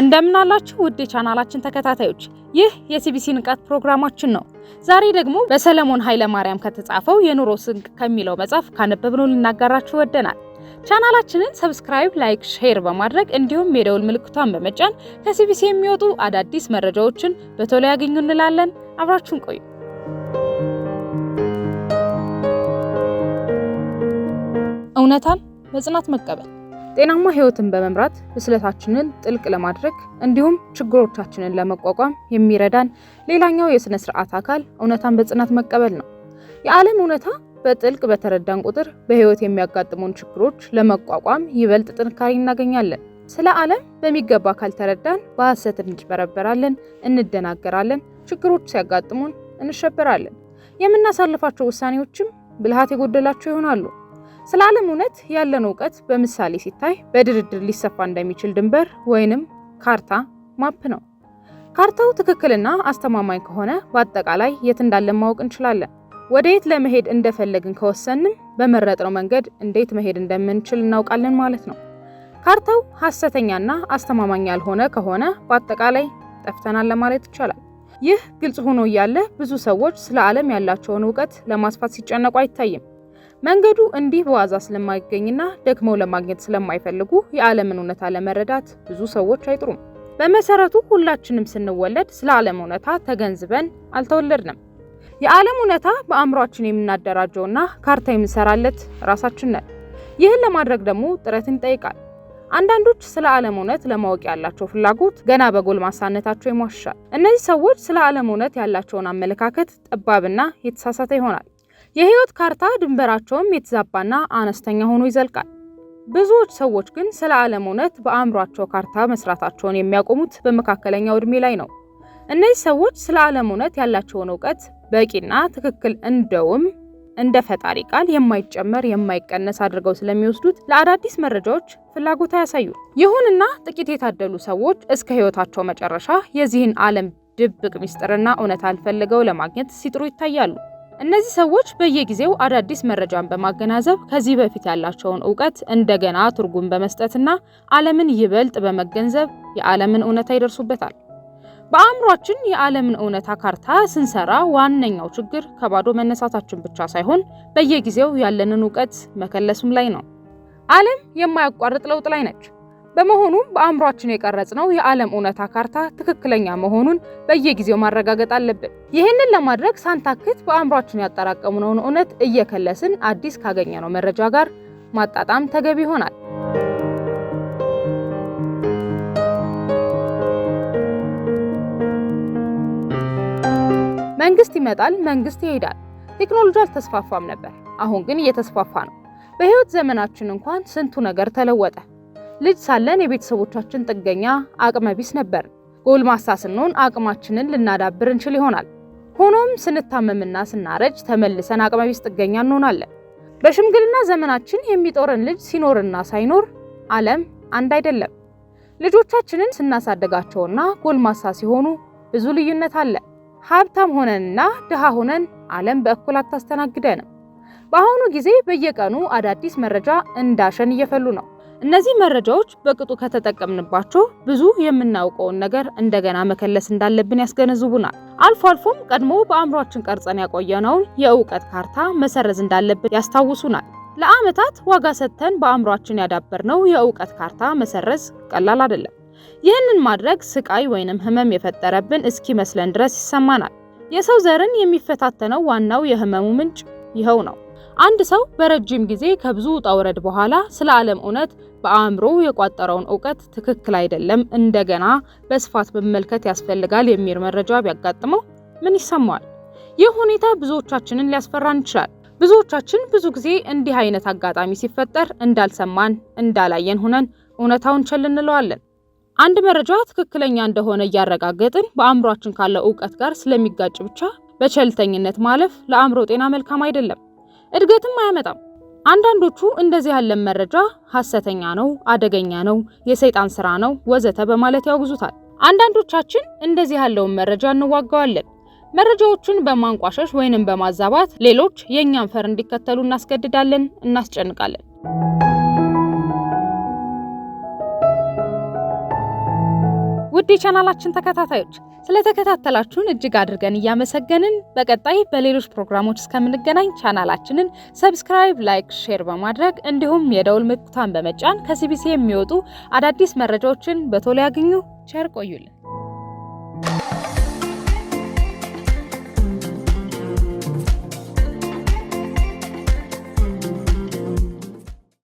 እንደምናላችሁ ውድ የቻናላችን ተከታታዮች፣ ይህ የሲቢሲ ንቃት ፕሮግራማችን ነው። ዛሬ ደግሞ በሰለሞን ኃይለ ማርያም ከተጻፈው የኑሮ ስንቅ ከሚለው መጽሐፍ ካነበብነው ልናጋራችሁ ወደናል። ቻናላችንን ሰብስክራይብ፣ ላይክ፣ ሼር በማድረግ እንዲሁም የደውል ምልክቷን በመጫን ከሲቢሲ የሚወጡ አዳዲስ መረጃዎችን በቶሎ ያገኙ እንላለን። አብራችሁን ቆዩ። እውነታን መጽናት መቀበል ጤናማ ህይወትን በመምራት ብስለታችንን ጥልቅ ለማድረግ እንዲሁም ችግሮቻችንን ለመቋቋም የሚረዳን ሌላኛው የሥነ ሥርዓት አካል እውነታን በጽናት መቀበል ነው። የዓለም እውነታ በጥልቅ በተረዳን ቁጥር በህይወት የሚያጋጥሙን ችግሮች ለመቋቋም ይበልጥ ጥንካሬ እናገኛለን። ስለ ዓለም በሚገባ ካልተረዳን በሐሰት እንጭበረበራለን፣ እንደናገራለን፣ ችግሮች ሲያጋጥሙን እንሸበራለን። የምናሳልፋቸው ውሳኔዎችም ብልሃት የጎደላቸው ይሆናሉ። ስለ ዓለም እውነት ያለን እውቀት በምሳሌ ሲታይ በድርድር ሊሰፋ እንደሚችል ድንበር ወይንም ካርታ ማፕ ነው። ካርታው ትክክልና አስተማማኝ ከሆነ በአጠቃላይ የት እንዳለን ማወቅ እንችላለን። ወደ የት ለመሄድ እንደፈለግን ከወሰንም በመረጥነው መንገድ እንዴት መሄድ እንደምንችል እናውቃለን ማለት ነው። ካርታው ሐሰተኛና አስተማማኝ ያልሆነ ከሆነ በአጠቃላይ ጠፍተናል ለማለት ይቻላል። ይህ ግልጽ ሆኖ እያለ ብዙ ሰዎች ስለ ዓለም ያላቸውን እውቀት ለማስፋት ሲጨነቁ አይታይም። መንገዱ እንዲህ በዋዛ ስለማይገኝና ደክመው ለማግኘት ስለማይፈልጉ የዓለምን እውነታ ለመረዳት ብዙ ሰዎች አይጥሩም። በመሰረቱ ሁላችንም ስንወለድ ስለ ዓለም እውነታ ተገንዝበን አልተወለድንም። የዓለም እውነታ በአእምሯችን የምናደራጀውና ካርታ የምንሰራለት ራሳችን ነን። ይህን ለማድረግ ደግሞ ጥረትን ይጠይቃል። አንዳንዶች ስለ ዓለም እውነት ለማወቅ ያላቸው ፍላጎት ገና በጎልማሳነታቸው ይሟሻል። እነዚህ ሰዎች ስለ ዓለም እውነት ያላቸውን አመለካከት ጠባብና የተሳሳተ ይሆናል። የህይወት ካርታ ድንበራቸውም የተዛባና አነስተኛ ሆኖ ይዘልቃል። ብዙዎች ሰዎች ግን ስለ ዓለም እውነት በአእምሯቸው ካርታ መስራታቸውን የሚያቆሙት በመካከለኛው ዕድሜ ላይ ነው። እነዚህ ሰዎች ስለ ዓለም እውነት ያላቸውን እውቀት በቂና ትክክል እንደውም እንደ ፈጣሪ ቃል የማይጨመር የማይቀነስ አድርገው ስለሚወስዱት ለአዳዲስ መረጃዎች ፍላጎት ያሳዩ። ይሁንና ጥቂት የታደሉ ሰዎች እስከ ህይወታቸው መጨረሻ የዚህን ዓለም ድብቅ ምስጢርና እውነት አልፈልገው ለማግኘት ሲጥሩ ይታያሉ። እነዚህ ሰዎች በየጊዜው አዳዲስ መረጃን በማገናዘብ ከዚህ በፊት ያላቸውን እውቀት እንደገና ትርጉም በመስጠትና ዓለምን ይበልጥ በመገንዘብ የዓለምን እውነታ ይደርሱበታል። በአእምሯችን የዓለምን እውነታ ካርታ ስንሰራ ዋነኛው ችግር ከባዶ መነሳታችን ብቻ ሳይሆን በየጊዜው ያለንን እውቀት መከለሱም ላይ ነው። ዓለም የማያቋርጥ ለውጥ ላይ ነች። በመሆኑም በአእምሯችን የቀረጽነው የዓለም እውነታ ካርታ ትክክለኛ መሆኑን በየጊዜው ማረጋገጥ አለብን። ይህንን ለማድረግ ሳንታክት በአእምሯችን ያጠራቀምነውን እውነት እየከለስን አዲስ ካገኘነው መረጃ ጋር ማጣጣም ተገቢ ይሆናል። መንግስት ይመጣል፣ መንግስት ይሄዳል። ቴክኖሎጂ አልተስፋፋም ነበር፣ አሁን ግን እየተስፋፋ ነው። በህይወት ዘመናችን እንኳን ስንቱ ነገር ተለወጠ። ልጅ ሳለን የቤተሰቦቻችን ጥገኛ አቅመ ቢስ ነበር። ጎልማሳ ስንሆን አቅማችንን ልናዳብር እንችል ይሆናል። ሆኖም ስንታመምና ስናረጅ ተመልሰን አቅመ ቢስ ጥገኛ እንሆናለን። በሽምግልና ዘመናችን የሚጦረን ልጅ ሲኖርና ሳይኖር ዓለም አንድ አይደለም። ልጆቻችንን ስናሳደጋቸውና ጎልማሳ ሲሆኑ ብዙ ልዩነት አለ። ሀብታም ሆነንና ድሃ ሆነን ዓለም በእኩል አታስተናግደንም። በአሁኑ ጊዜ በየቀኑ አዳዲስ መረጃ እንዳሸን እየፈሉ ነው። እነዚህ መረጃዎች በቅጡ ከተጠቀምንባቸው ብዙ የምናውቀውን ነገር እንደገና መከለስ እንዳለብን ያስገነዝቡናል። አልፎ አልፎም ቀድሞ በአእምሯችን ቀርጸን ያቆየነውን የእውቀት ካርታ መሰረዝ እንዳለብን ያስታውሱናል። ለአመታት ዋጋ ሰጥተን በአእምሯችን ያዳበርነው የእውቀት ካርታ መሰረዝ ቀላል አይደለም። ይህንን ማድረግ ስቃይ ወይንም ህመም የፈጠረብን እስኪመስለን ድረስ ይሰማናል። የሰው ዘርን የሚፈታተነው ዋናው የህመሙ ምንጭ ይኸው ነው። አንድ ሰው በረጅም ጊዜ ከብዙ ውጣ ውረድ በኋላ ስለ ዓለም እውነት በአእምሮ የቋጠረውን እውቀት ትክክል አይደለም፣ እንደገና በስፋት መመልከት ያስፈልጋል የሚል መረጃ ቢያጋጥመው ምን ይሰማዋል? ይህ ሁኔታ ብዙዎቻችንን ሊያስፈራን ይችላል። ብዙዎቻችን ብዙ ጊዜ እንዲህ አይነት አጋጣሚ ሲፈጠር እንዳልሰማን እንዳላየን ሆነን እውነታውን ቸል እንለዋለን። አንድ መረጃ ትክክለኛ እንደሆነ እያረጋገጥን በአእምሯችን ካለው እውቀት ጋር ስለሚጋጭ ብቻ በቸልተኝነት ማለፍ ለአእምሮ ጤና መልካም አይደለም። እድገትም አያመጣም። አንዳንዶቹ እንደዚህ ያለን መረጃ ሀሰተኛ ነው፣ አደገኛ ነው፣ የሰይጣን ስራ ነው ወዘተ በማለት ያውግዙታል። አንዳንዶቻችን እንደዚህ ያለውን መረጃ እንዋጋዋለን። መረጃዎቹን በማንቋሸሽ ወይንም በማዛባት ሌሎች የእኛን ፈር እንዲከተሉ እናስገድዳለን፣ እናስጨንቃለን። ውድ የቻናላችን ተከታታዮች ስለተከታተላችሁን እጅግ አድርገን እያመሰገንን በቀጣይ በሌሎች ፕሮግራሞች እስከምንገናኝ ቻናላችንን ሰብስክራይብ፣ ላይክ፣ ሼር በማድረግ እንዲሁም የደውል ምልክቷን በመጫን ከሲቢሲ የሚወጡ አዳዲስ መረጃዎችን በቶሎ ያግኙ። ቸር ቆዩልን።